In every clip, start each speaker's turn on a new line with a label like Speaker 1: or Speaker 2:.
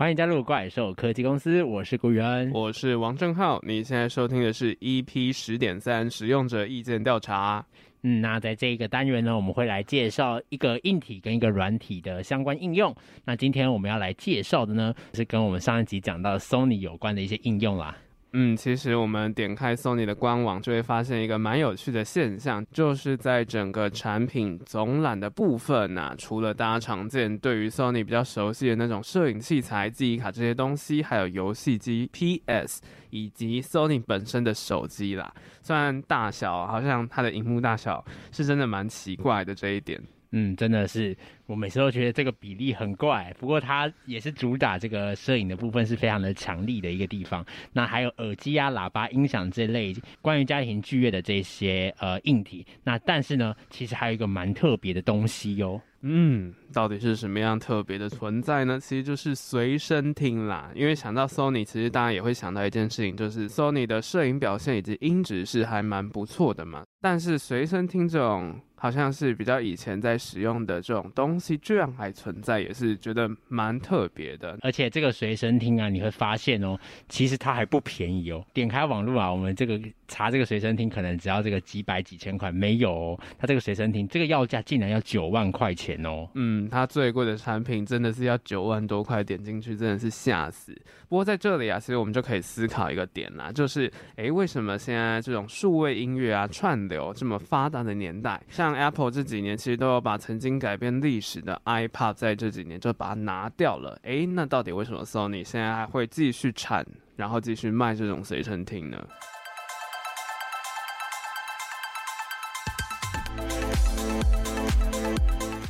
Speaker 1: 歡迎加入怪獸科技公司，我是顧源，我是王正浩。你現在收聽的是 EP 十點三使用者意見調查。嗯，那在這一個單元呢，我們會來
Speaker 2: 介紹一個硬體跟一個軟體的相關應用。那今天我們要來介紹的呢，是跟我們上一集講到 Sony 有關的一些應用啦。
Speaker 1: 嗯，其實我們點開 Sony 的官網，就會發現一個蠻有趣的現象，就是在整個產品總覽的部分啊，除了大家常見對於 Sony 比較熟悉的那種攝影器材、記憶卡這些東西，還有遊戲機 PS 以及 Sony 本身的手機啦，雖然大小好像它的熒幕大小是真的蠻奇怪的這一點，嗯，真的是。我每次都覺得這個比例很怪，不過它也是主打這
Speaker 2: 個攝影的部分是非常的強力的一個地方。那還有耳機啊、喇叭、音響這類關於家庭劇院的這些呃硬體。那但是呢，其實還有一個蠻特別的東西喲、
Speaker 1: 哦。嗯，到底是什麼樣特別的存在呢？其實就是隨身聽啦。因為想到 Sony，其實大家也會想到一件事情，就是 Sony 的攝影表現以及音質是還蠻不錯的嘛。但是隨身聽這種，好像是比較以前在使用的這種東。這樣還存在，也是覺得蠻特別的。而且
Speaker 2: 這個隨身聽啊，你會發現哦，其實它還不便宜哦。點開網絡啊，我們這個查這個隨身聽，可能只要這個幾百幾千塊，沒有哦，它這個隨身聽這個要價竟然要九萬塊錢哦。嗯，
Speaker 1: 它最貴的產品真的是要九萬多塊，點進去真的是嚇死。不過在這裡啊，其實我們就可以思考一個點啦、啊，就是，哎，為什麼現在這種數位音樂啊、串流這麼發達的年代，像 Apple 這幾年其實都有把曾經改變歷史的 iPod 在這幾年就把它拿掉了，哎，那到底為什麼 Sony 現在還會繼續產，然後繼續賣這種隨身聽呢？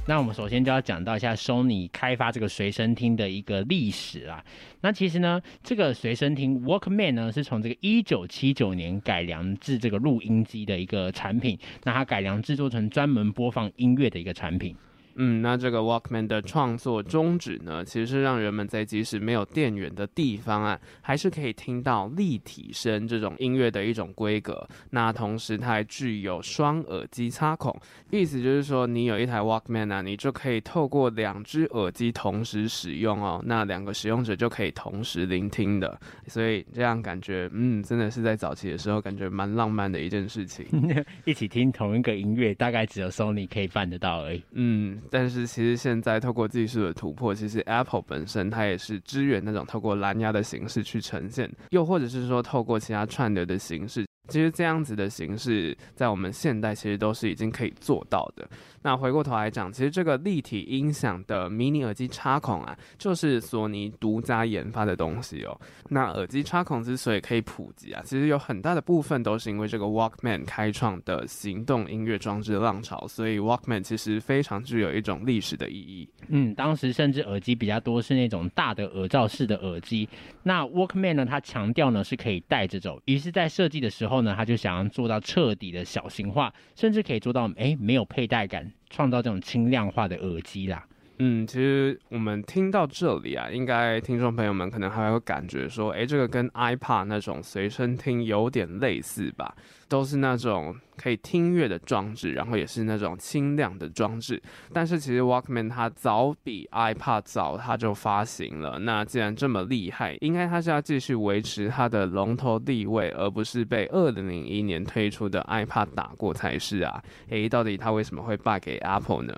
Speaker 2: 那我們首先就要講到一下 Sony 開發這個隨身聽的一個歷史啊。那其實呢，這個隨身聽 Walkman 呢，是從這個1979年改良自這個錄音機的一個產品，那它改良製作成專門播放音樂的
Speaker 1: 一個產品。嗯，那這個 Walkman 的創作宗旨呢，其實是讓人們在即使沒有電源的地方啊，還是可以聽到立體聲這種音樂的一種規格。那同時它還具有雙耳機插孔，意思就是說你有一台 Walkman 啊，你就可以透過兩隻耳機同時使用哦，那兩個使用者就可以同時聆聽的。所以這樣感覺，嗯，真的是在早期的時候感覺蠻浪漫的一件事情。 一起聽同一個音樂，大概只有 Sony 可以辦得到而已。嗯。但是其實現在，透過技術的突破，其實 Apple 本身它也是支援，那種透過藍牙的形式去呈現，又或者是說透過其他串流的形式，其實這樣子的形式，在我們現代其實都是已經可以做到的。那回過頭來講，其實這個立體音響的迷你耳機插孔啊，就是索尼獨家研發的東西哦。那耳機插孔之所以可以普及啊，其實有很大的部分都是因為這個 Walkman 開創的行動音樂裝置的浪潮，所以 Walkman 其實非常具有一種歷史的意義。
Speaker 2: 嗯，當時甚至耳機比較多是那種大的耳罩式的耳機，那 Walkman 呢，他強調呢是可以帶着走，於是，在設計的時候呢，他就想要做到徹底的小型化，甚至可以做到誒、欸，沒有佩戴感。創造這種輕量化的耳機啦。
Speaker 1: 嗯，其實我們聽到這裡啊，應該聽眾朋友們可能還有感覺說，誒、欸，這個跟 iPod 那種隨身聽有點類似吧？都是那種可以聽音樂的裝置，然後也是那種輕量的裝置。但是其實 Walkman 它早比 iPod 早，它就發行了。那既然這麼厲害，應該它是要繼續維持它的龍頭地位，而不是被二零零一年推出的 iPod 打過才是啊。誒、欸，到底它為什麼會敗給 Apple 呢？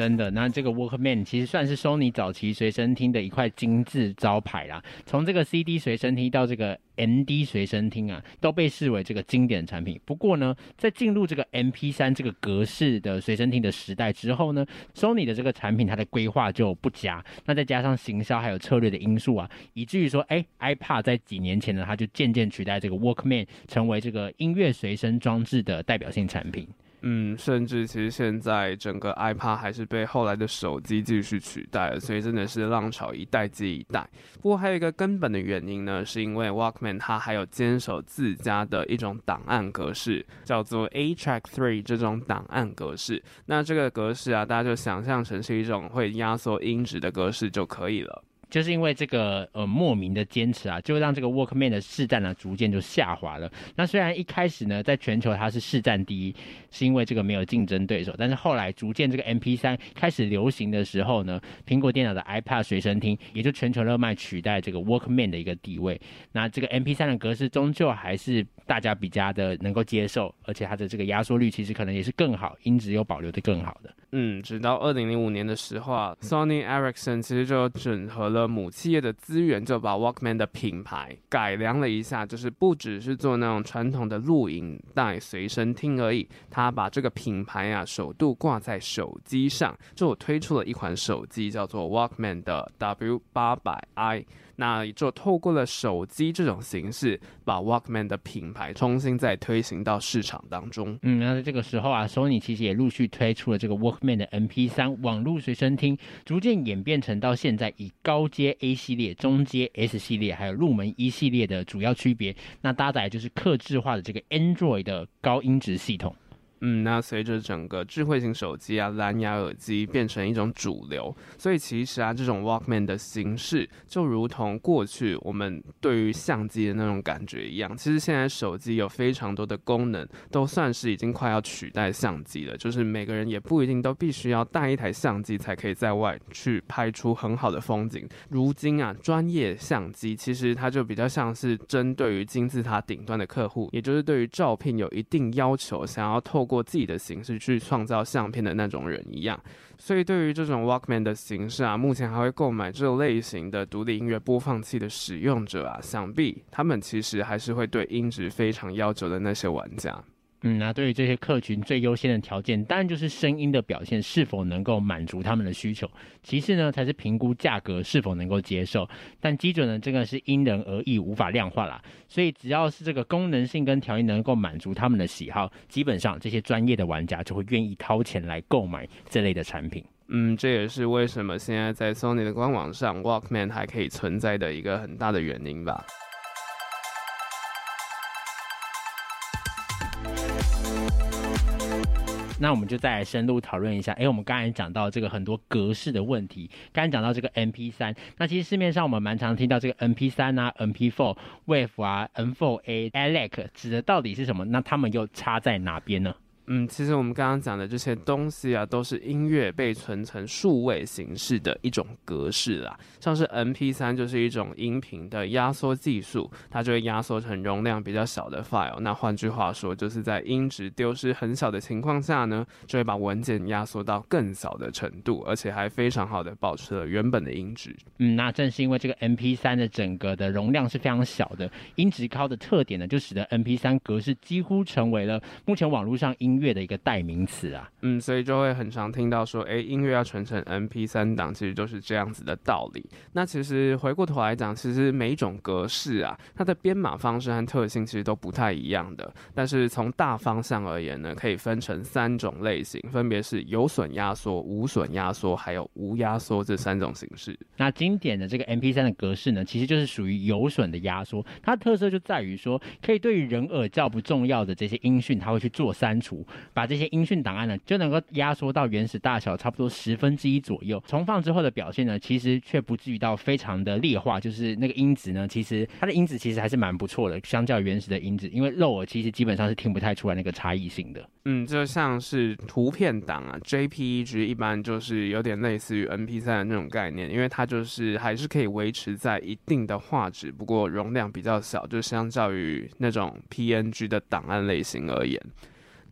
Speaker 2: 真的，那這個 Walkman 其實算是 Sony 早期隨身聽的一塊金字招牌啦。從這個 CD 隨身聽到這個 MD 隨身聽啊，都被視為這個經典的產品。不過呢，在進入這個 MP3 這個格式的隨身聽的時代之後呢，Sony 的這個產品它的規劃就不佳。那再加上行銷還有策略的因素啊，以至於說，哎、欸，iPod 在幾年前呢，它就漸漸取代這個 Walkman 成為這個音樂隨身裝置的代表性產品。
Speaker 1: 嗯，甚至其實現在整個 iPod 還是被後來的手機繼續取代了，所以真的是浪潮一代接一代。不過還有一個根本的原因呢，是因為 Walkman 它還有堅守自家的一種檔案格式，叫做 A Track Three 這種檔案格式。那這個格式啊，大家就想象成是一種會壓縮音質的格式就可以
Speaker 2: 了。就是因為這個呃莫名的堅持啊，就讓這個 Walkman 的市占呢逐漸就下滑了。那雖然一開始呢，在全球它是市占第一。是因為這個沒有競爭對手，但是後來逐漸這個 MP3 開始流行的時候呢，蘋果電腦的 iPod 隨身聽也就全球熱賣，取代這個 Walkman 的一個地位。那這個 MP3 的格式終究還是大家比較的能夠接受，而且它的這個壓縮率其實可能也是更好，音質又保留得更好的。
Speaker 1: 嗯，直到二零零五年的時候啊，Sony Ericsson 其實就整合了母企業的資源，就把 Walkman 的品牌改良了一下，就是不只是做那種傳統的錄影帶隨身聽而已，他把這個品牌啊，首度掛在手機上，就推出了一款手機，叫做 Walkman 的 W800i。那就透過了手機這種形式，把 Walkman 的品牌重新再推行到市場當中。嗯，那在這個時候啊，Sony 其實也陸
Speaker 2: 續推出了這個 Walkman 的 MP3 網絡隨身聽，逐漸演變成到現在以高階 A 系列、中階 S 系列，還有入門 E 系列的主要區別。那搭載
Speaker 1: 就是客制化的這個 Android 的高音質系統。嗯，那隨着整個智慧型手機啊、藍牙耳機變成一種主流，所以其實啊，這種 Walkman 的形式就如同過去我們對於相機的那種感覺一樣。其實現在手機有非常多的功能，都算是已經快要取代相機了。就是每個人也不一定都必須要帶一台相機才可以在外去拍出很好的風景。如今啊，專業相機其實它就比較像是針對於金字塔頂端的客戶，也就是對於照片有一定要求，想要透過過自己的形式去創造相片的那種人一樣，所以對於這種 Walkman 的形式啊，目前還會購買這類型的獨立音樂播放器的使用者啊，想必他們其實還是會對音質非常要求的那些玩家。嗯、啊，那對於這些客群最優先的條件，當然就
Speaker 2: 是聲音的表現是否能夠滿足他們的需求。其次呢，才是評估價格是否能夠接受。但基準呢，這個是因人而異，無法量化啦。所以只要是這個功能性跟條件能夠滿足他們的喜好，基本上這些專業的玩家就會願意掏
Speaker 1: 錢來購買這類的產品。嗯，這也是為什麼現在在 Sony 的官網上，Walkman 還可以存在的一個很大的原因吧。那我們就再
Speaker 2: 深入討論一下。誒，我們剛才講到這個很多格式的問題，剛才講到這個 MP3，那其實市面上我們蠻常聽到這個 MP3 啊、MP4、WAV 啊、M4A、
Speaker 1: ALAC 指的到底是什麼？那它們又差在哪邊呢？嗯，其實我們剛剛講的這些東西啊，都是音樂被存成數位形式的一種格式啦。像是 MP3 就是一種音頻的壓縮技術，它就會壓縮成容量比較小的 file。那換句話說，就是在音質丟失很小的情況下呢，就會把文件壓縮到更小的程度，而且還非常好的保持了原本的音質。
Speaker 2: 嗯，那正是因為這個 MP3 的整個的容量是非常小的，音質高的特點呢，就使得 MP3 格式幾乎成為了目前網絡上音樂的一個代名詞啊，嗯，
Speaker 1: 所以就會很常聽到說，誒、欸，音樂要傳成 M P 三檔，其實就是這樣子的道理。那其實回過頭來講，其實每一種格式啊，它的編碼方式和特性其實都不太一樣的。但是從大方向而言呢，可以分成三種類型，分別是有損壓縮、無損壓縮，還有無壓縮這三種形式。
Speaker 2: 那經典的這個 M P 三的格式呢，其實就是屬於有損的壓縮，它特色就在於說，可以對於人耳較不重要的這些音訊，它會去做刪除。把這些音訊檔案呢，就能夠壓縮到原始大小差不多十分之一左右。重放之後的表現呢，其實卻不至於到非常的劣化，就是那個音質呢，其實它的音質其實還是蠻不錯的，相較原始的音質。因為肉耳其實基本上是聽不太出來那個差異性的。
Speaker 1: 嗯，就像是圖片檔啊，JPEG 一般就是有點類似於 MP3 的那種概念，因為它就是還是可以維持在一定的畫質，不過容量比較小，就相較於那種 PNG 的檔案類型而言。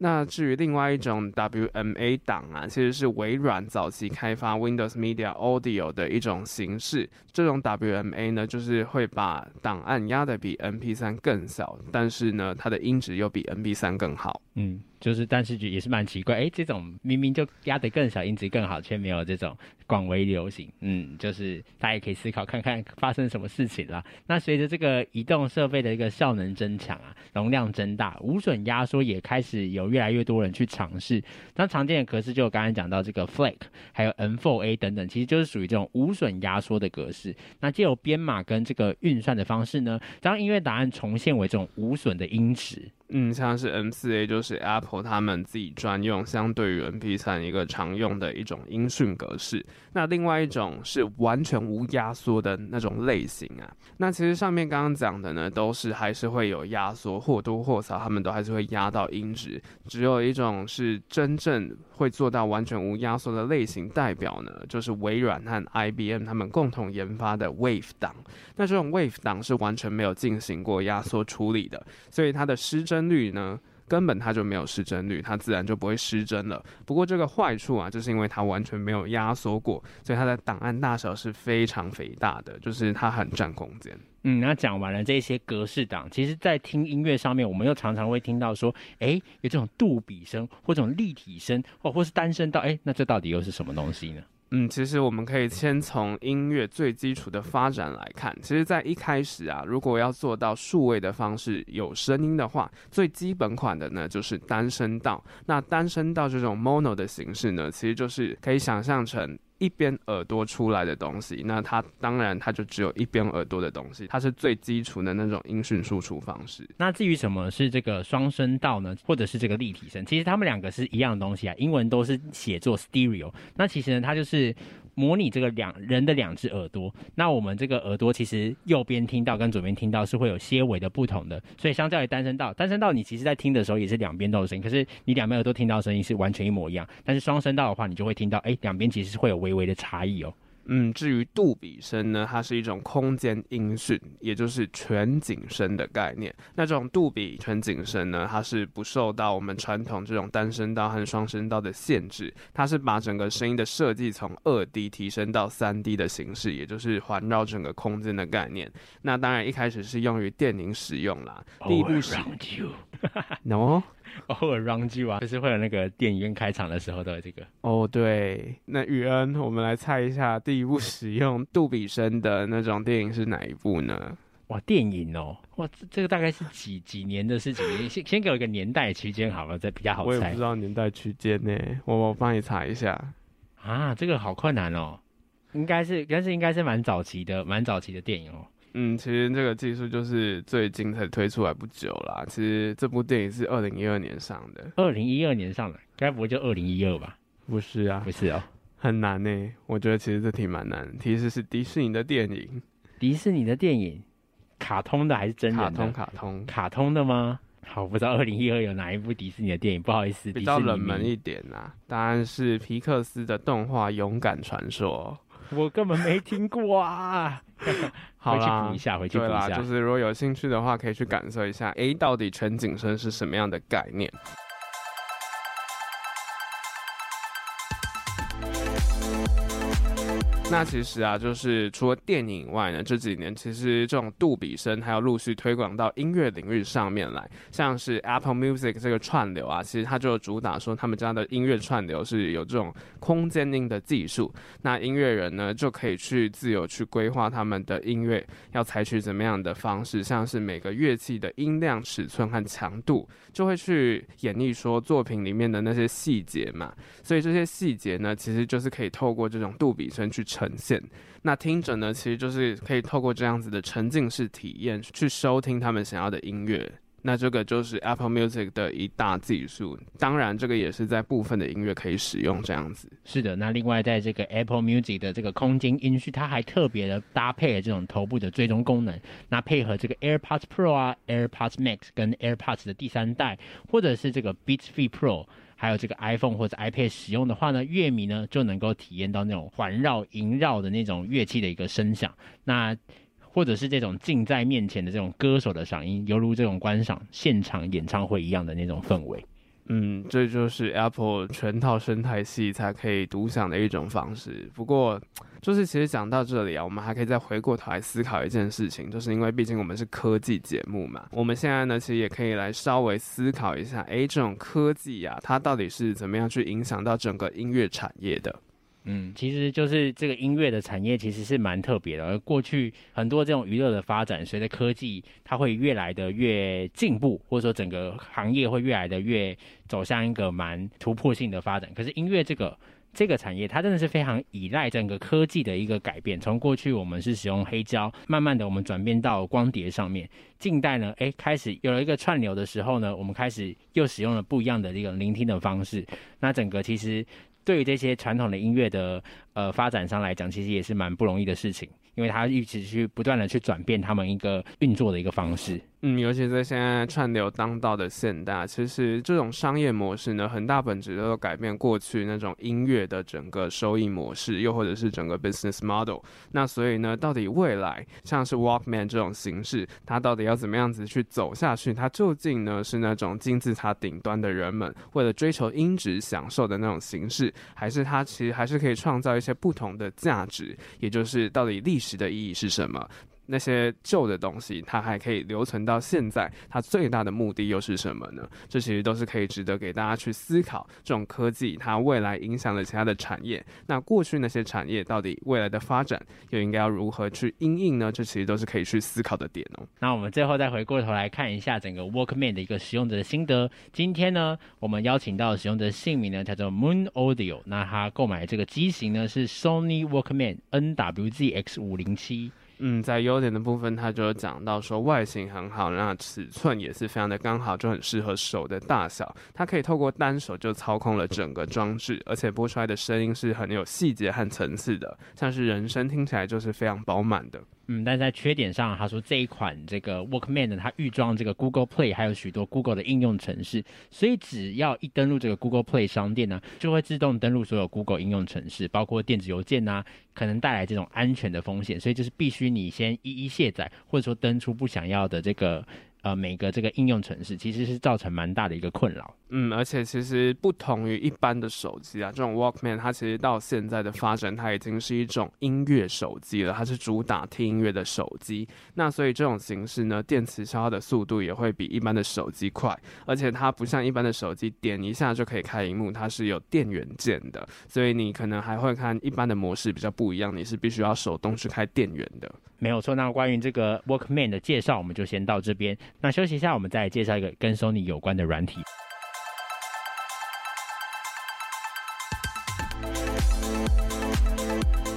Speaker 1: 那至於另外一種 WMA 檔啊，其實是微軟早期開發 Windows Media Audio 的一種形式。這種 WMA 呢，就是會把檔案壓得比 MP3 更小，但是呢，它的音質又比 MP3 更好。嗯，就是但是也是蠻奇怪，哎、欸，這種
Speaker 2: 明明就壓得更小，音質更好，卻沒有這種。廣為流行，嗯，就是大家也可以思考看看發生什麼事情了。那隨着這個移動設備的一個效能增強啊，容量增大，無損壓縮也開始有越來越多人去嘗試。那常見的格式就剛剛講到這個 FLAC，還有 M4A 等等，其實就是屬於這種無損壓縮的格式。那藉由編碼跟這個運算的方式呢，將音樂檔案重現為這種無損
Speaker 1: 的音質。嗯，像是 M4A 就是 Apple 他們自己專用，相對於 MP3 一個常用的一種音訊格式。那另外一種是完全無壓縮的那種類型啊，那其實上面剛剛講的呢，都是還是會有壓縮，或多或少他們都還是會壓到音質，只有一種是真正會做到完全無壓縮的類型代表呢，就是微軟和 IBM 他們共同研發的 Wave 檔。那這種 Wave 檔是完全沒有進行過壓縮處理的，所以它的失真率呢？根本它就沒有失真率，它自然就不會失真了。不過這個壞處啊，就是因為它完全沒有壓縮過，所以它的檔案大小是非常肥大的，就是它很佔空間。嗯，那講完了這些格式檔，其實，在聽音
Speaker 2: 樂上面，我們又常常會聽到說，哎、欸，有這種杜比聲，或這種立體聲，哦，或
Speaker 1: 是單聲道，哎、欸，那這到底又是什麼東西呢？嗯，其實我們可以先從音樂最基礎的發展來看。其實，在一開始啊，如果要做到數位的方式有聲音的話，最基本款的呢，就是單聲道。那單聲道這種 mono 的形式呢，其實就是可以想象成。一邊耳朵出來的東西，那它當然它就只有一邊耳朵的東西，它是最基礎的那種音訊輸出方式。
Speaker 2: 那至於什麼是這個雙聲道呢，或者是這個立體聲，其實它們兩個是一樣的東西啊，英文都是寫作 stereo。那其實呢，它就是。模擬這個兩人的兩隻耳朵，那我們這個耳朵其實右邊聽到跟左邊聽到是會有些微的不同的，所以相較於單聲道，單聲道你其實在聽的時候也是兩邊都有聲音，可是你兩邊耳朵聽到的聲音是完全一模一樣，但
Speaker 1: 是雙聲道的話，你就會聽到，欸，兩邊其實是會有微微的差異哦。嗯，至於杜比聲呢，它是一種空間音訊，也就是全景聲的概念。那這種杜比全景聲呢，它是不受到我們傳統這種單聲道和雙聲道的限制，它是把整個聲音的設計從二 D 提升到三 D 的形式，也就是環繞整個空間的概念。那當然一開始是用於電影使用啦。第一部是？No 偶爾 round you，就是會有那個電影院開場的時候都有這個。哦，對，那宇恩，我們來猜一下，第一部使用杜比聲的那種電影是哪一部呢？
Speaker 2: 哇，電影哦，哇，這個大概是幾幾年的事情？你先先給我一個年代區間好了，這比較好猜。我也不知道
Speaker 1: 年代區間呢，我我幫你查一下啊，這個好困難哦，
Speaker 2: 應該是，但是應該是蠻早期的，蠻早期的電影哦。
Speaker 1: 嗯，其實這個技術就是最近才推出來不久啦。其實這部電影是二零一二年上的。二零一二年上的，該不會就二零一二吧？不是啊，不是哦，很難呢、欸。我覺得其實這題蠻難的。其實是迪士尼的電影，迪士尼的電影，卡通的還是真人？卡通卡通，卡通，卡通的嗎？好，不知道二零一二有哪一部迪士尼的電影？不好意思，比較冷門一點啊。答案是皮克斯的動畫《勇敢傳說》。
Speaker 2: 我根本沒聽過啊！ 回去補一下，
Speaker 1: 好啦，回去補一下對啦。就是如果有興趣的話，可以去感受一下，哎，到底全景聲是什麼樣的概念。那其實啊，就是除了電影以外呢，這幾年其實這種杜比聲還要陸續推廣到音樂領域上面來。像是 Apple Music 這個串流啊，其實它就主打說他們家的音樂串流是有這種空間音的技術。那音樂人呢，就可以去自由去規劃他們的音樂要採取怎麼樣的方式，像是每個樂器的音量、尺寸和強度，就會去演繹說作品裡面的那些細節嘛。所以這些細節呢，其實就是可以透過這種杜比聲去呈現，那聽者呢，其實就是可以透過這樣子的沉浸式體驗去收聽他們想要的音樂。那這個就是 Apple Music 的一大技術，當然這個也是在部分的音樂可以使用這樣子。
Speaker 2: 是的，那另外在這個 Apple Music 的這個空間音訊，它還特別的搭配了這種頭部的追蹤功能，那配合這個 AirPods Pro 啊、AirPods Max 跟 AirPods 的第三代，或者是這個 Beats Fit Pro。還有這個 iPhone 或者 iPad 使用的話呢，樂迷呢就能夠體驗到那種環繞、縈繞的那種樂器的一個聲響，那或者是這種近在面前的這種歌手的嗓音，猶如這種觀賞現場演唱會一樣的那種氛圍。
Speaker 1: 嗯，這就是 Apple 全套生態系才可以獨享的一種方式。不過，就是其實講到這裡啊，我們還可以再回過頭來思考一件事情，就是因為畢竟我們是科技節目嘛，我們現在呢其實也可以來稍微思考一下，誒，這種科技呀、啊，它到底是怎麼樣去影響到整個音樂產業的？嗯，其實就是這個音樂的產業其實是蠻特別的。
Speaker 2: 而過去很多這種娛樂的發展，隨着科技它會越來的越進步，或者說整個行業會越來的越走向一個蠻突破性的發展。可是音樂這個這個產業，它真的是非常依賴整個科技的一個改變。從過去我們是使用黑膠，慢慢的我們轉變到光碟上面。近代呢，哎，開始有了一個串流的時候呢，我們開始又使用了不一樣的一個聆聽的方式。那整個其實。對於這些傳統的音樂的呃發展上來講，其實也是蠻不容易的事情，因為他一直去不斷的去轉變他們一個運作的一個方式。
Speaker 1: 嗯，尤其在現在串流當道的現代，其實這種商業模式呢，很大本質都改變過去那種音樂的整個收益模式，又或者是整個 business model。那所以呢，到底未來像是 Walkman 這種形式，它到底要怎麼樣子去走下去？它究竟呢是那種金字塔頂端的人們為了追求音質享受的那種形式，還是它其實還是可以創造一些不同的價值？也就是到底歷史的意義是什麼？那些舊的東西，它還可以留存到現在。它最大的目的又是什麼呢？這其實都是可以值得給大家去思考。這種科技它未來影響了其他的產業，那過去那些產業到底未來的發展又應該要如何去因應呢？這其實都是可以去思考的點哦。
Speaker 2: 那我們最後再回過頭來看一下整個 Walkman 的一個使用者的心得。今天呢，我們邀請到的使用者姓名呢叫做 Moon Audio，那他購買這個機型呢是 Sony Walkman NWZX 五零七。
Speaker 1: 嗯，在優點的部分，它就有講到說外形很好，那尺寸也是非常的剛好，就很適合手的大小。它可以透過單手就操控了整個裝置，而且播出來的聲音是很有細節和層次的，像是人聲聽起來就是非常飽滿的。嗯，但是在缺點上，他說這一款這個 Walkman 呢，它預裝這個 Google Play，還
Speaker 2: 有許多 Google 的應用程式，所以只要一登錄這個 Google Play 商店呢，就會自動登錄所有 Google 應用程式，包括電子郵件吶、啊，可能帶來這種安全的風險，所以就是必須你先一一卸載，或者說登出不想要的這個。呃，每個這個應用程式其實是造成蠻大的一個困擾。
Speaker 1: 嗯，而且其實不同於一般的手機啊，這種 Walkman 它其實到現在的發展，它已經是一種音樂手機了，它是主打聽音樂的手機。那所以這種形式呢，電池消耗的速度也會比一般的手機快，而且它不像一般的手機，點一下就可以開熒幕，它是有電源鍵的。所以你可能還會看一般的模式比較不一樣，你是必須要手動去開電源的。沒有錯，那關於這個 Walkman 的介紹，我們就先到這邊。那休息一下，我們再來介紹一個跟 Sony
Speaker 2: 有關的軟體。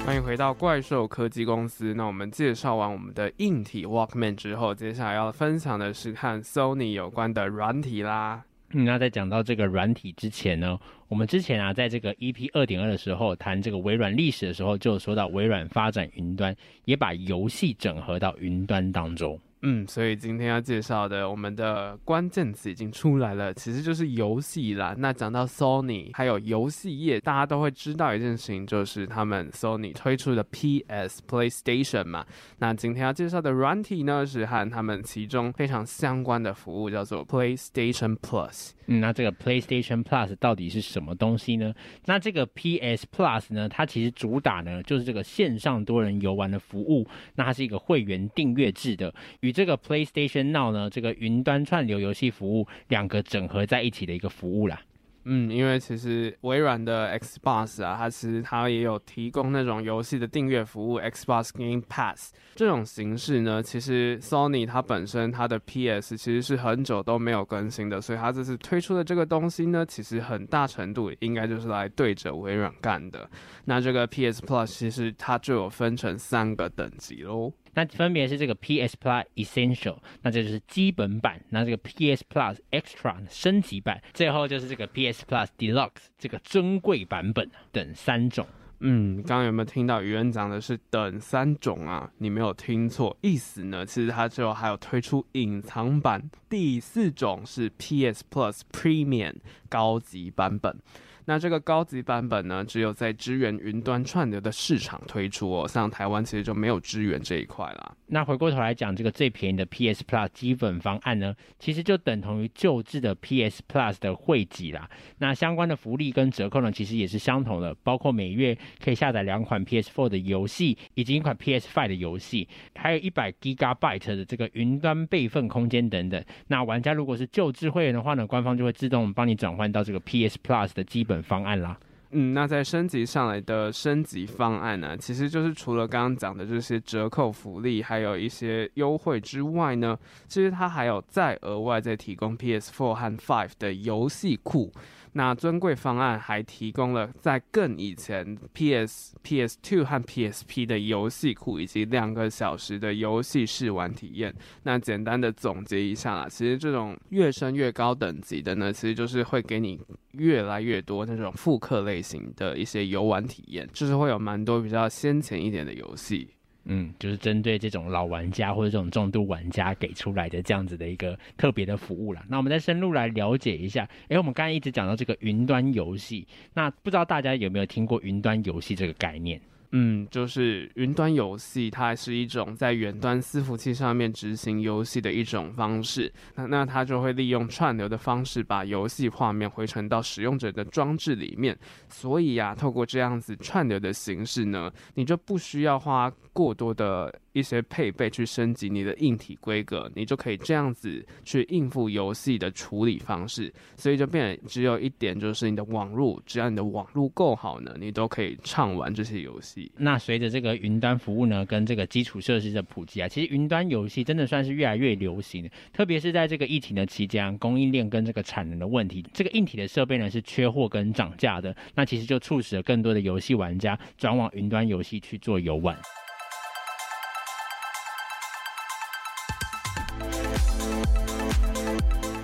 Speaker 1: 歡迎回到怪獸科技公司。那我們介紹完我們的硬體 Walkman 之後，接下來要分享的是和 Sony 有關的軟體啦、嗯。那在講到這個軟體之前呢，我們之前啊，在這個
Speaker 2: EP 二點二的時候談這個微軟歷史的時候，就有說到微軟發展雲端，也把遊戲整合到雲端當中。
Speaker 1: 嗯，所以今天要介紹的我們的關鍵詞已經出來了，其實就是遊戲啦。那講到 Sony，還有遊戲業，大家都會知道一件事情，就是他們 Sony 推出的 PS PlayStation 嘛。那今天要介紹的軟體呢，是和他們其中非常相關的服務，叫做 PlayStation Plus。嗯，那這個 PlayStation Plus 到底是什麼東西呢？
Speaker 2: 那這個 PS Plus 呢，它其實主打呢就是這個線上多人遊玩的服務。那它是一個會員訂閱制的。這個 PlayStation Now 呢，這個雲端串流遊戲服務，兩個整合在一起的一個服務啦。
Speaker 1: 嗯，因為其實微軟的 Xbox 啊，它其實它也有提供那種遊戲的訂閱服務，Xbox Game Pass 這種形式呢，其實 Sony 它本身它的 PS 其實是很久都沒有更新的，所以它這次推出的這個東西呢，其實很大程度應該就是來對着微軟幹的。那這個 PS Plus 其實它就有分成三個等級嘍。那分別是這個 PS Plus Essential，那這就是基本版；那這個 PS
Speaker 2: Plus Extra 升級版；最後就是這個 PS Plus Deluxe 這個珍貴
Speaker 1: 版本等三種。嗯，剛剛有沒有聽到？愚人講的是等三種啊，你沒有聽錯，意思呢？其實它最後還有推出隱藏版，第四種是 PS Plus Premium 高級版本。那這個高級版本呢，只有在支援雲端串流的市場推出哦，像台灣其實就沒有支援這一塊了。那回過頭來講，這個最便宜的 PS Plus 基本方案呢，其實就
Speaker 2: 等同於舊制的 PS Plus 的會籍啦。那相關的福利跟折扣呢，其實也是相同的，包括每月可以下載兩款 PS4 的遊戲，以及一款 PS5 的遊戲，還有一百 GigaByte 的這個雲端備份空間等等。那玩家如果是舊制會員的話呢，官方就會自動幫你轉換到這個 PS Plus 的基。本方案啦，
Speaker 1: 嗯，那在升級上來的升級方案呢，啊，其實就是除了剛剛講的這些折扣福利，還有一些優惠之外呢，其實它還有再額外再提供 PS Four 和 Five 的遊戲庫。那尊貴方案還提供了在更以前 PS、PS2 和 PSP 的遊戲庫，以及兩個小時的遊戲試玩體驗。那簡單的總結一下啦，其實這種越升越高等級的呢，其實就是會給你越來越多那種復刻類型的一些遊玩體驗，就是會有蠻多比較先前一點的遊戲。嗯，就
Speaker 2: 是針對這種老玩家或者這種重度玩家給出來的這樣子的一個特別的服務了。那我們再深入來了解一下。誒，我們剛才一直講到這個雲端遊戲，那不知道大家有沒有聽過雲端遊戲這個概念？
Speaker 1: 嗯，就是雲端遊戲，它是一種在遠端伺服器上面執行遊戲的一種方式。那那它就會利用串流的方式把遊戲畫面回傳到使用者的裝置裡面。所以呀、啊，透過這樣子串流的形式呢，你就不需要花過多的一些配備去升級你的硬體規格，你就可以這樣子去應付遊戲的處理方式，所以就變成只有一點，就是你的網絡，只要你的網絡夠好呢，你都可以暢玩這些遊戲。那隨着這個雲端服務呢，跟這個基
Speaker 2: 礎設施的普及啊，其實雲端遊戲真的算是越來越流行。特別是在這個疫情的期間，供應鏈跟這個產能的問題，這個硬體的設備呢是缺貨跟漲價的，那其實就促使了更多的遊戲玩家轉往雲端遊戲去做遊玩。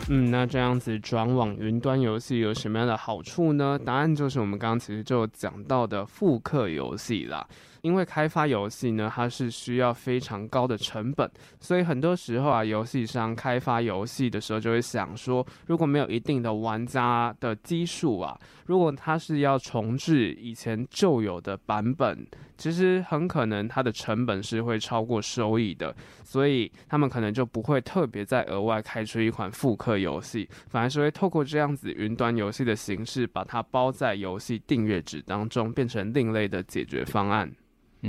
Speaker 1: 嗯，那這樣子轉往雲端遊戲有什麼樣的好處呢？答案就是我們剛剛其實就講到的複刻遊戲啦。因為開發遊戲呢，它是需要非常高的成本，所以很多時候啊，遊戲商開發遊戲的時候就會想說，如果沒有一定的玩家的基數啊，如果它是要重置以前舊有的版本，其實很可能它的成本是會超過收益的，所以他們可能就不會特別再額外開出一款復刻遊戲，反而是會透過這樣子雲端遊戲的形式，把它包在遊戲訂閱制當中，變成另類的解決方案。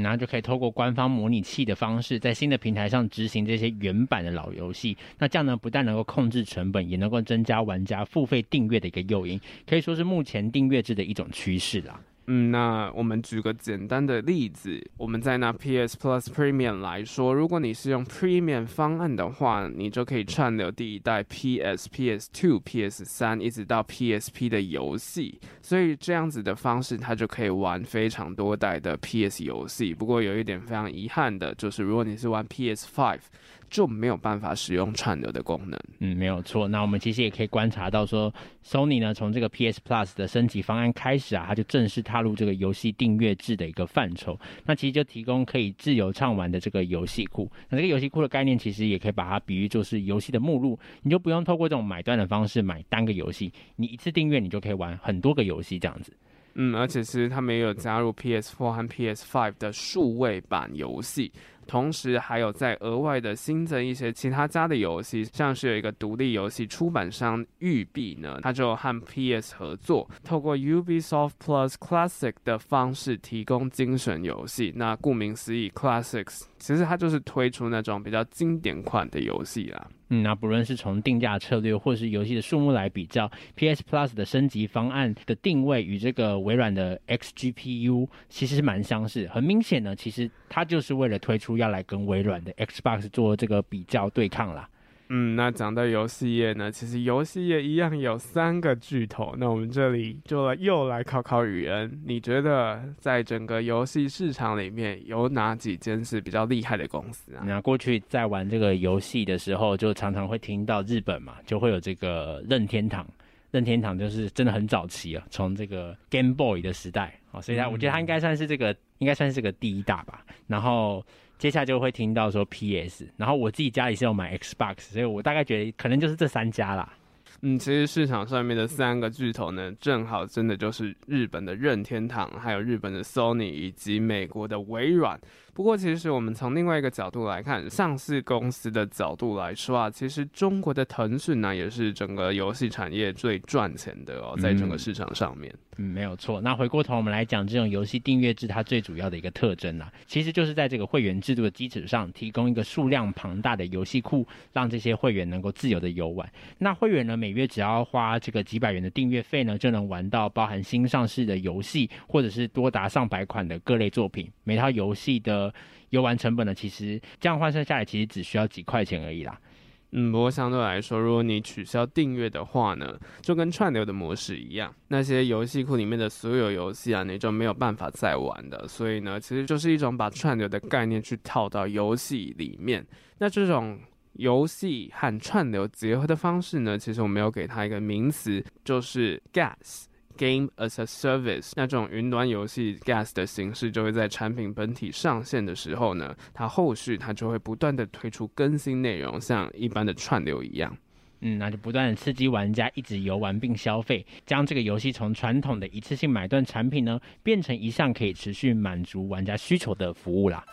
Speaker 1: 然後就可以透過官方模擬器的
Speaker 2: 方式，在新的平台上執行這些原版的老遊戲。那這樣呢，不但能夠控制成本，也能夠增加玩家付費訂閱的一個誘因，可以說是目前訂閱制的一種趨勢
Speaker 1: 啦。嗯，那我們舉個簡單的例子，我們再拿 PS Plus Premium 來說，如果你是用 Premium 方案的話，你就可以串流第一代 PS、PS Two、PS 三，一直到 PSP 的遊戲。所以這樣子的方式，它就可以玩非常多代的 PS 遊戲。不過有一點非常遺憾的就是，如果你是玩 PS Five。就沒有辦法使用串流的功能。
Speaker 2: 嗯，沒有錯。那我們其實也可以觀察到說，說 Sony 呢，從這個 PS Plus 的升級方案開始啊，它就正式踏入這個遊戲訂閱制的一個範疇。那其實就提供可以自由暢玩的這個遊戲庫。那這個遊戲庫的概念，其實也可以把它比喻作是遊戲的目錄，你就不用透過這種買斷的方式買單個遊戲，你一次訂閱，你就可以玩很多個遊戲這樣子。
Speaker 1: 嗯，而且是它沒有加入 PS4 和 PS5 的數位版遊戲。同時，還有再額外的新增一些其他家的遊戲，像是有一個獨立遊戲出版商育碧呢，他就和 PS 合作，透過 Ubisoft Plus Classic 的方式提供精選遊戲。那顧名思義，Classics。Class 其實它就是推出那種比較經典款的遊戲啦。
Speaker 2: 嗯，那不論是從定價策略或是遊戲的數目來比較，PS Plus 的升級方案的定位與這個微軟的 XGPU 其實蠻相似。很明顯呢，其實它就是為了推出要來跟微軟的 Xbox 做這個比較對抗啦。
Speaker 1: 嗯，那講到遊戲業呢，其實遊戲業一樣有三個巨頭。那我們這裡就來又來考考語恩，你覺得在整個遊戲市場裡面有哪幾間是比較厲害的公司
Speaker 2: 啊？那、嗯、過去在玩這個遊戲的時候，就常常會聽到日本嘛，就會有這個任天堂。任天堂就是真的很早期啊，從這個 Game Boy 的時代啊、哦，所以他我覺得他應該算是這個，嗯、應該算是個第一大吧。然後。接下來就會聽到說 PS，然後我自己家裡是有買 Xbox，所以我大概覺得可能就是這三家
Speaker 1: 啦。嗯，其實市場上面的三個巨頭呢，正好真的就是日本的任天堂，還有日本的 Sony，以及美國的微軟。不過，其實我們從另外一個角度來看，上市公司的角度來說啊，其實中國的騰訊呢，也是整個遊戲產業最賺錢的哦，在整個市場上面。嗯。嗯，沒有錯。那回過
Speaker 2: 頭我們來講這種遊戲訂閱制，它最主要的一個特徵呢、啊，其實就是在這個會員制度的基礎上，提供一個數量龐大的遊戲庫，讓這些會員能夠自由地遊玩。那會員呢，每月只要花這個幾百元的訂閱費呢，就能玩到包含新上市的遊戲，或者是多達上百款的各類作品。每套遊戲的遊玩成本呢，其實這樣換算下來，其實只需要幾塊錢而已啦。
Speaker 1: 嗯，不過相對來說，如果你取消訂閱的話呢，就跟串流的模式一樣，那些遊戲庫裡面的所有遊戲啊，你就沒有辦法再玩的。所以呢，其實就是一種把串流的概念去套到遊戲裡面。那這種遊戲和串流結合的方式呢，其實我們要給它一個名詞，就是 GaaS。Game as a Service 那這種雲端遊戲 GaaS 的形式，就會在產品本體上線的時候呢，它後續它就會不斷的推出更新內容，像一般的串流一樣，嗯，那就不斷
Speaker 2: 的刺激玩家一直遊玩並消費，將這個遊戲從傳統的一次性買斷產品呢，變成一項可以持續滿足玩家需求的服務啦。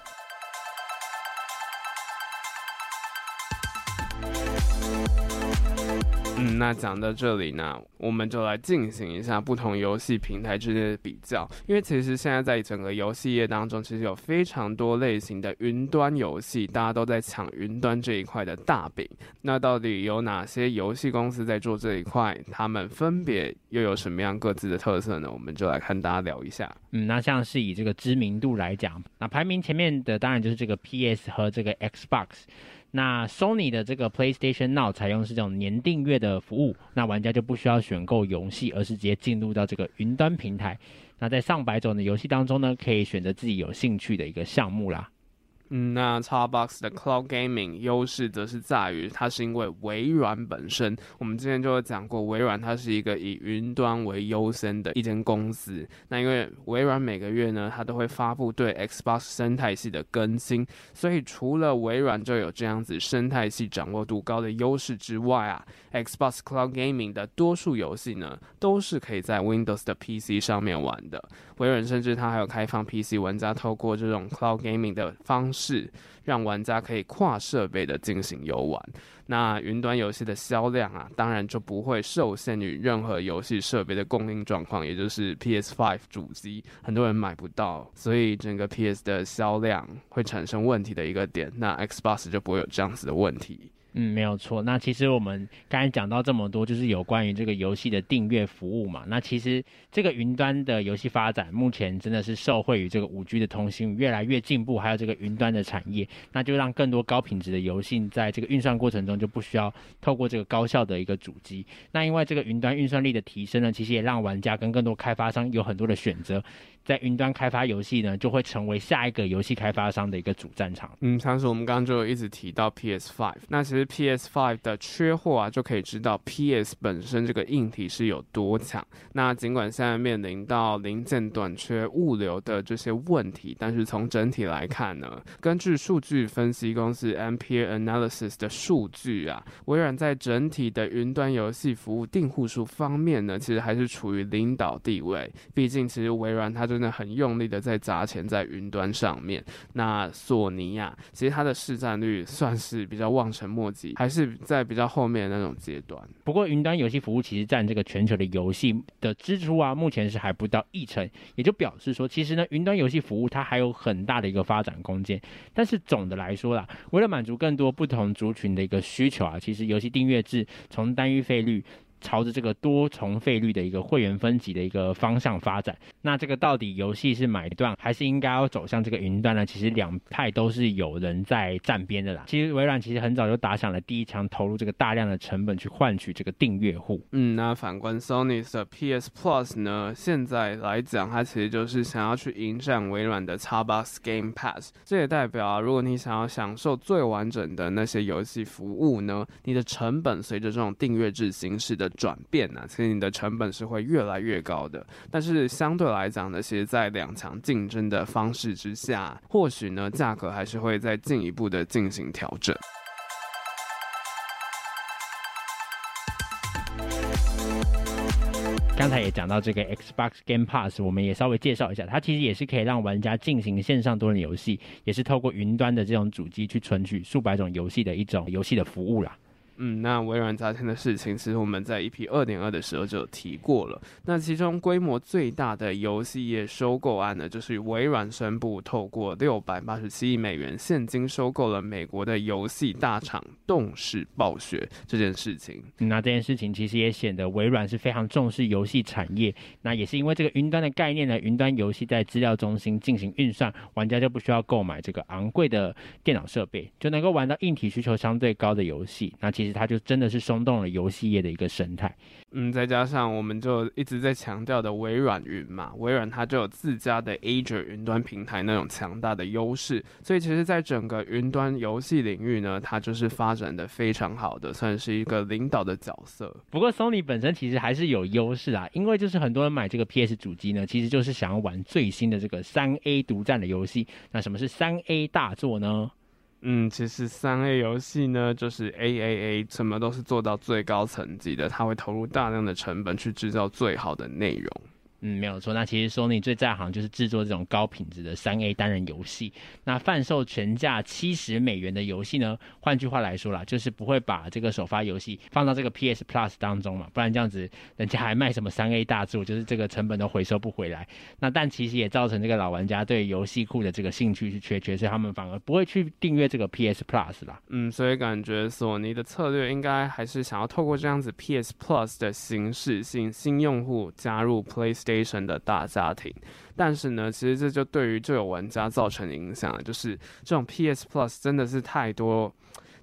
Speaker 1: 嗯，那講到這裡呢，我們就來進行一下不同遊戲平台之間的比較。因為其實現在在整個遊戲業當中，其實有非常多類型的雲端遊戲，大家都在搶雲端這一塊的大餅。那到底有哪些遊戲公司在做這一塊？他們分別又有什麼樣各自的特色呢？我們就來和大家聊一下。
Speaker 2: 嗯，那像是以這個知名度來講，那排名前面的當然就是這個 PS 和這個 Xbox。那 Sony 的這個 PlayStation Now 採用是這種年訂閱的服務，那玩家就不需要選購遊戲，而是直接進入到這個雲端平台。那在上百種的遊戲當中呢，可以選擇自己有興趣的一個項目啦。
Speaker 1: 嗯，那 Xbox 的 Cloud Gaming 優勢則是在於，它是因為微軟本身，我們之前就有講過，微軟它是一個以雲端為優先的一間公司。那因為微軟每個月呢，它都會發布對 Xbox 生態系的更新，所以除了微軟就有這樣子生態系掌握度高的優勢之外啊，Xbox Cloud Gaming 的多數遊戲呢，都是可以在 Windows 的 PC 上面玩的。微軟甚至它還有開放 PC 玩家透過這種 cloud gaming 的方式，讓玩家可以跨設備的進行遊玩。那雲端遊戲的銷量啊，當然就不會受限於任何遊戲設備的供應狀況，也就是 PS5 主機很多人買不到，所以整個 PS 的銷量會產生問題的一個點。那 Xbox 就不會有這樣子的問題。
Speaker 2: 嗯，沒有錯。那其實我們剛才講到這麼多，就是有關於這個遊戲的訂閱服務嘛。那其實這個雲端的遊戲發展，目前真的是受惠於這個五 G 的通信越來越進步，還有這個雲端的產業，那就讓更多高品質的遊戲在這個運算過程中就不需要透過這個高效的一個主機。那因為這個雲端運算力的提升呢，其實也讓玩家跟更多開發商有很多的選擇，在雲端開發遊戲呢，就會成為下一個遊戲開發商的一個主戰場。
Speaker 1: 嗯，常叔，我們剛剛就一直提到 PS Five，那其實。PS5 的缺貨啊，就可以知道 PS 本身這個硬體是有多強。那儘管現在面臨到零件短缺、物流的這些問題，但是從整體來看呢，根據數據分析公司 MPA Analysis 的數據啊，微軟在整體的雲端遊戲服務訂戶數方面呢，其實還是處於領導地位。畢竟，其實微軟它真的很用力的在砸錢在雲端上面。那索尼啊，其實它的市佔率算是比較望塵莫及。還是在比較後面的那種階段。不過，雲端遊戲服務其實佔這個全球的遊戲的支出啊，目前是還不到一成，
Speaker 2: 也就表示說，其實呢，雲端遊戲服務它還有很大的一個發展空間。但是總的來說啦，為了滿足更多不同族群的一個需求啊，其實遊戲訂閱制從單一費率。朝着這個多重費率的一個會員分級的一個方向發展，那這個到底遊戲是買斷還是應該要走向這個雲端呢？其實兩派都是有人在站邊的啦。其實微軟其實很早就打響了第一槍，投入這個大量的成本去換取這個訂閱戶。
Speaker 1: 嗯，那反觀 Sony 的 PS Plus 呢，現在來講，它其實就是想要去迎戰微軟的 Xbox Game Pass。這也代表啊，如果你想要享受最完整的那些遊戲服務呢，你的成本隨着這種訂閱制形式的。轉變呢，其實你的成本是會越來越高的，但是相對來講呢，其實在兩強競爭的方式之下，或許呢，價格還是會再進一步的進行調整。
Speaker 2: 剛才也講到這個 Xbox Game Pass，我們也稍微介紹一下，它其實也是可以讓玩家進行線上多人遊戲，也是透過雲端的這種主機去存取數百種遊戲的一種遊戲的服務啦。
Speaker 1: 嗯，那微軟昨天的事情，其實我們在 EP 二點二的時候就有提過了。那其中規模最大的遊戲業收購案呢，就是微軟宣布透過六百八十七億美元現金收購了美國的遊戲大廠動視暴雪這件事情。嗯、那這件
Speaker 2: 事情其實也顯得微軟是非常重視遊戲產業。那也是因為這個雲端的概念呢，雲端遊戲在資料中心進行運算，玩家就不需要購買這個昂貴的電腦設備，就能夠玩到硬體需求相對高的遊戲。那其其實它就真的是鬆動了遊戲業的一個生態，
Speaker 1: 嗯，再加上我們就一直在強調的微軟雲嘛，微軟它就有自家的 Azure 雲端平台那種強大的優勢，所以其實，在整個雲端遊戲領域呢，它就是發展的非常好的，算是一個領導的角色。不過 Sony 本身其實還是有優勢啊，因為就是很多人買這個 PS 主機呢，其實就是想要玩最新的這個三 A 獨佔的遊戲。那什麼是三 A 大作呢？嗯，其實三 A 遊戲呢，就是 AAA，什麼都是做到最高層級的，它會投入大量的成本去製造最好的內容。嗯，沒有錯。那其實索尼
Speaker 2: 最在行就是制作這種高品質的三 A 單人遊戲。那販售全價七十美元的遊戲呢？換句話來說啦，就是不會把這個首發遊戲放到這個 PS Plus 當中嘛，不然這樣子人家還賣什麼三 A 大作，就是這個成本都回收不回來。那但其實也造成這個老玩家對遊戲庫的這個興趣是缺缺，所以他們反而不會去訂閱這個 PS Plus 啦。
Speaker 1: 嗯，所以感覺索尼的策略應該還是想要透過這樣子 PS Plus 的形式吸引新用戶加入 PlayStation。的大家庭，但是呢，其實這就對於舊有玩家造成影響，就是這種 PS Plus 真的是太多，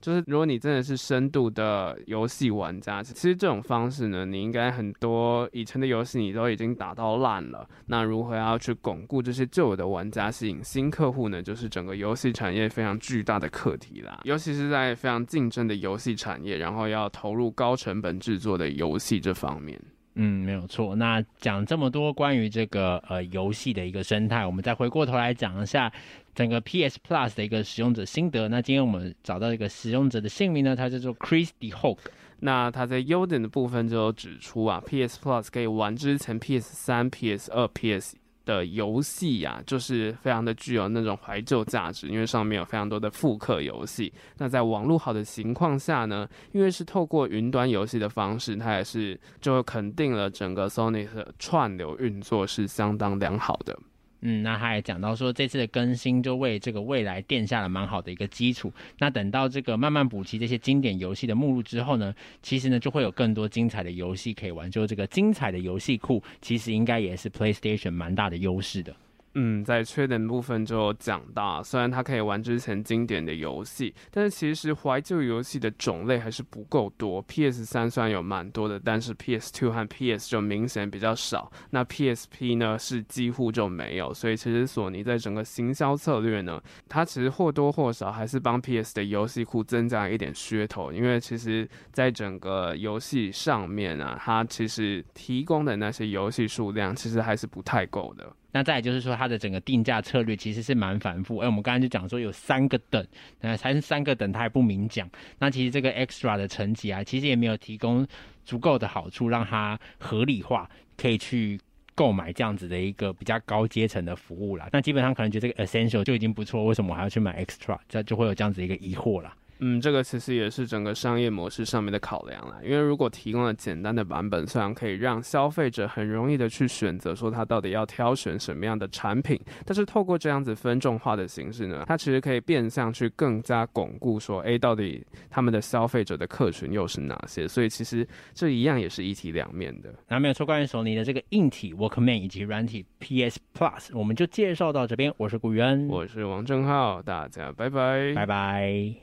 Speaker 1: 就是如果你真的是深度的遊戲玩家，其實這種方式呢，你應該很多以前的遊戲你都已經打到爛了，那如何要去鞏固這些舊有的玩家，吸引新客戶呢？就是整個遊戲產業非常巨大的課題啦，尤其是在非常競爭的遊戲產業，然後要投入高成本制作的遊戲這方面。
Speaker 2: 嗯，沒有錯。那講這麼多關於這個呃遊戲的一個生態，我們再回過頭來講一下整個 PS Plus 的一個使用者心得。
Speaker 1: 那今天我們找到一個使用者的姓名呢，他叫做 Christy Hope 那他在優點的部分就指出啊，PS Plus 可以玩之前 PS 三、PS 二、PS 一。的遊戲呀，就是非常的具有那種懷舊價值，因為上面有非常多的復刻遊戲。那在網絡好的情況下呢，因為是透過雲端遊戲的方式，它也是就肯定了整個 Sony 的串流運作是相當良好的。
Speaker 2: 嗯，那他也講到說，這次的更新就為這個未來墊下了蠻好的一個基礎。那等到這個慢慢補齊這些經典遊戲的目錄之後呢，其實呢就會有更多精彩的遊戲可以玩。就這個精彩的遊戲庫，其實應該也是 PlayStation 蠻大的優勢的。
Speaker 1: 嗯，在缺點部分就講到，雖然它可以玩之前經典的遊戲，但是其實懷舊遊戲的種類還是不夠多。PS3 雖然有蠻多的，但是 PS2 和 PS 就明顯比較少。那 PSP 呢，是幾乎就沒有。所以其實索尼在整個行銷策略呢，它其實或多或少還是幫 PS 的遊戲庫增加了一點噱頭，因為其實在整個遊戲上面啊，它其實提供的那些遊戲數量其實還是不太夠的。那再就是說，它的整個定價策略其實是蠻繁複。哎，我們剛才就講說有三個等，
Speaker 2: 那三三個等它還不明講。那其實這個 extra 的層級啊，其實也沒有提供足夠的好處，讓它合理化，可以去購買這樣子的一個比較高階層的服務啦，那基本上可能覺得這個 essential 就已經不錯，為什麼我還要去買 extra？這就會有這樣子一個疑惑啦。
Speaker 1: 嗯，這個其實也是整個商業模式上面的考量啦。因為如果提供了簡單的版本，雖然可以讓消費者很容易的去選擇，說他到底要挑選什麼樣的產品，但是透過這樣子分眾化的形式呢，它其實可以變相去更加鞏固說，哎，到底他們的消費者的客群又是哪些？所以其實這一樣也是一體兩面的。
Speaker 2: 那沒有錯，關於索尼的這個硬體 Walkman 以及軟體 PS
Speaker 1: Plus，我們就介紹到這邊。我是古元，我是王正浩，大家拜拜，拜拜。